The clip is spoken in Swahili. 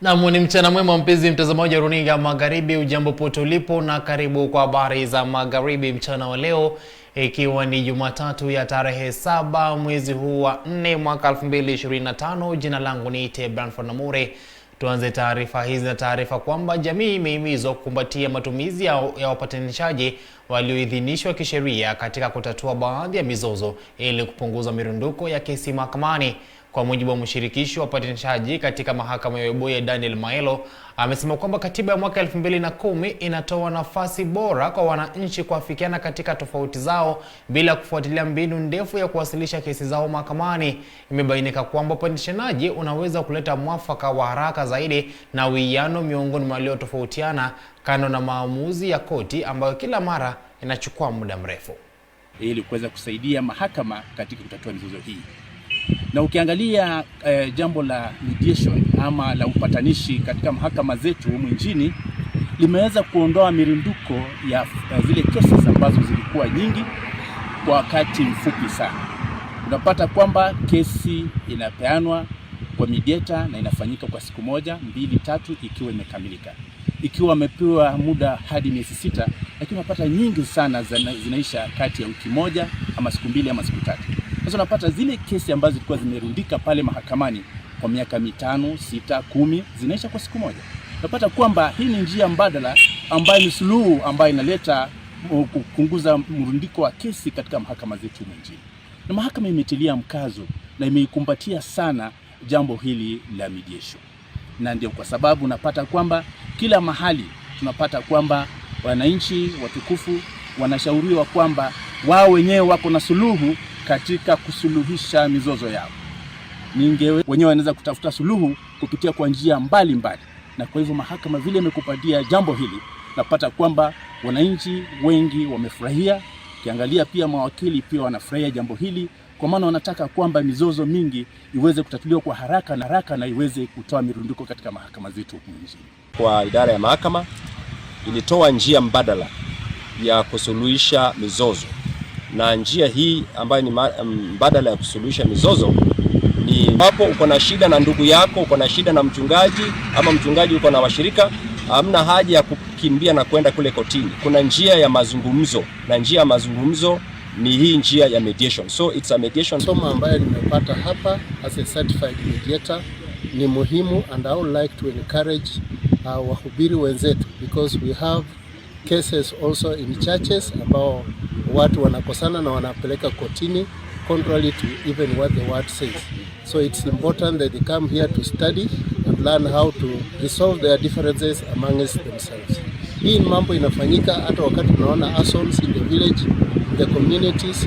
Nam ni mchana mwema mpenzi mtazamaji wa runinga Magharibi, ujambo pote ulipo na karibu kwa habari za Magharibi mchana wa leo, ikiwa ni Jumatatu ya tarehe saba mwezi huu wa nne mwaka 2025. Jina langu Ite Branford Namure. Tuanze taarifa hizi na taarifa kwamba jamii imehimizwa kukumbatia matumizi ya wapatanishaji walioidhinishwa kisheria katika kutatua baadhi ya mizozo ili kupunguza mirunduko ya kesi mahakamani. Kwa mujibu wa mshirikishi wa upatanishaji katika mahakama ya Webuye Daniel Maelo amesema kwamba katiba ya mwaka 2010 inatoa nafasi bora kwa wananchi kuafikiana katika tofauti zao bila kufuatilia mbinu ndefu ya kuwasilisha kesi zao mahakamani. Imebainika kwamba upatanishaji unaweza kuleta mwafaka wa haraka zaidi na uwiano miongoni mwa waliotofautiana, kando na maamuzi ya koti ambayo kila mara inachukua muda mrefu, ili kuweza kusaidia mahakama katika kutatua mizozo hii. Na ukiangalia eh, jambo la mediation ama la upatanishi katika mahakama zetu humu nchini limeweza kuondoa mirunduko ya ya zile kesi ambazo zilikuwa nyingi kwa wakati mfupi sana. Unapata kwamba kesi inapeanwa kwa mediator na inafanyika kwa siku moja mbili tatu, ikiwa imekamilika, ikiwa amepewa muda hadi miezi sita, lakini unapata nyingi sana zinaisha kati ya wiki moja ama siku mbili ama siku tatu. Sasa unapata zile kesi ambazo zilikuwa zimerundika pale mahakamani kwa miaka mitano, sita, kumi zinaisha kwa siku moja. Unapata kwamba hii ni njia mbadala ambayo ni suluhu ambayo inaleta uh, kupunguza mrundiko wa kesi katika mahakama zetu humu na mahakama imetilia mkazo na imeikumbatia sana jambo hili la mediation, na ndio kwa sababu unapata kwamba kila mahali tunapata kwamba wananchi watukufu wanashauriwa kwamba wao wenyewe wako na suluhu katika kusuluhisha mizozo yao. Ninge wenyewe wanaweza kutafuta suluhu kupitia kwa njia mbalimbali, na kwa hivyo mahakama vile imekupatia jambo hili, napata kwamba wananchi wengi wamefurahia. Ukiangalia pia mawakili pia wanafurahia jambo hili, kwa maana wanataka kwamba mizozo mingi iweze kutatuliwa kwa haraka na haraka na iweze kutoa mirundiko katika mahakama zetu nchini. Kwa idara ya mahakama ilitoa njia mbadala ya kusuluhisha mizozo na njia hii ambayo ni mm, mbadala ya kusuluhisha mizozo ni wapo, uko na shida na ndugu yako, uko na shida na mchungaji ama mchungaji uko na washirika, hamna haja ya kukimbia na kwenda kule kotini. Kuna njia ya mazungumzo, na njia ya mazungumzo ni hii njia ya mediation. So it's a mediation. Somo ambayo nimepata hapa as a certified mediator ni muhimu and I would like to encourage uh, wahubiri wenzetu because we have cases also in churches ambao watu wanakosana na wanapeleka kotini contrary to even what the word says. So it's important that they come here to study and learn how to resolve their differences amongst themselves. Hii mambo inafanyika hata wakati tunaona assaults in the village, in the communities.